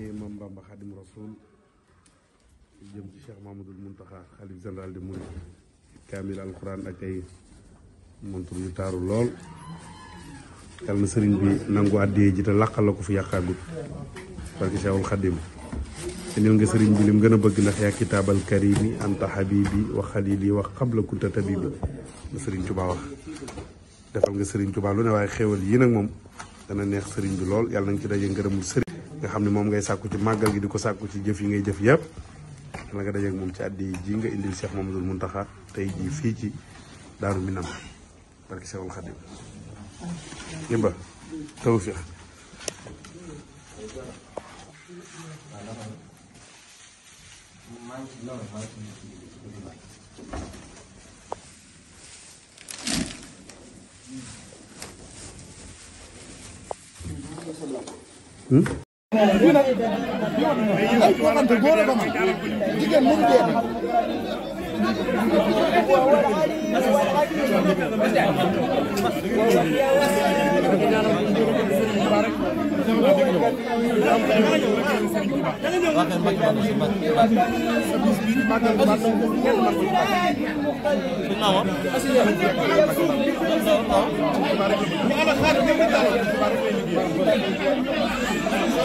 téye Maam Bamba Xadim Rasoul jëm ci Cheikh Mamadul Muntaxa xalif général di murit kaamil alxuraan ak ay montur yu taaru lool yàlla na sëriñ bi nangu àddiyee ji te làqal la ko fi yàqaagut parce que Cheikhul Xadim seneel nga sëriñ bi lim gën a bëgg ndax yaa kitaabal karimi anta habibi wa xalili wa xabla kunta tabibi la sëriñ Tuubaa wax defal nga sëriñ Tuubaa lu ne waaye xéewal yi nag moom dana neex sëriñ bi lool yàlla nañ ci daje ngërëmul sëriñ nga xamni mom ngay sakku ci magal gi diko sakku ci jëf yi ngay jëf yépp la nga ak mom ci addi ji nga indil Cheikh Mamadou muntaha tay ji fi ci daru Minam barki Cheikhul Khadim imba tawfiq Hmm? fii nag ay waxante góor a ba ma jigéen mënu dee Thank you.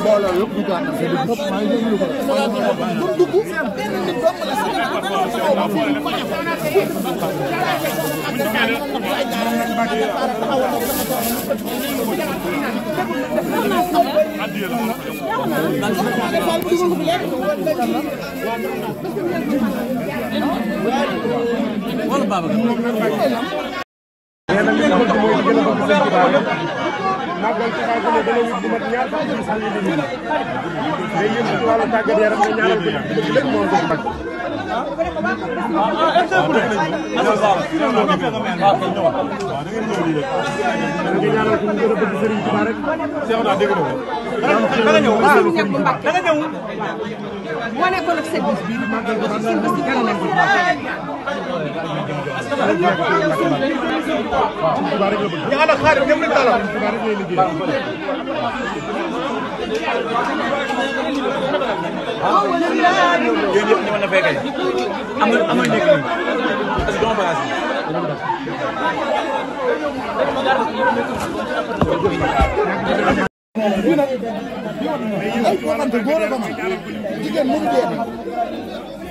mbooloo yëpp duggaat na seen bopp maa ngi déglu ko. pour dugg benn nit dong la sa def ko ko ko ko ko nee na li nga xam mooy li gën a bëgg sëñ Tuubaa lépp màggal Tuubaa gu ne dana wut lu mat ñaar fukki bis ak lu dul mais yéen ci wàllu tàggat yaram nga ñaanal ko ndax lépp moo gën mag. nga ñaanal ko mu gën a bëgg sëriñ Tuubaa rek. seex naa dégg na ko. dana ñëw moo nekkoon ak service bi. màggal Tuubaa ñu ànd ak xaadim ñëpp lañ tàllal yooyu yëpp ñu mën a fekkee amul amul nekk nii parce que dama bagage bi. ay ko xamante góor ak jigéen mënu dee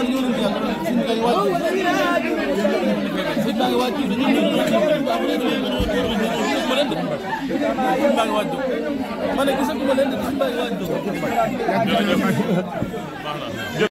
a ngi waaj a